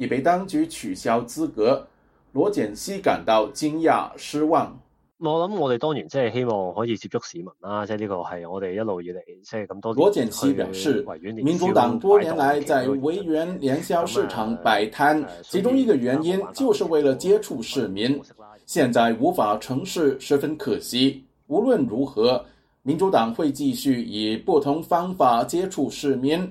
已被當局取消資格，羅健熙感到驚訝失望。我諗我哋當然即係希望可以接觸市民啦、啊，即係呢個係我哋一路以嚟即係咁多。羅健熙表示，民主黨多年來在維園年宵市場擺攤，其中一個原因就係為了接觸市民、呃。現在無法成事，十分可惜。無論如何，民主黨會繼續以不同方法接觸市民。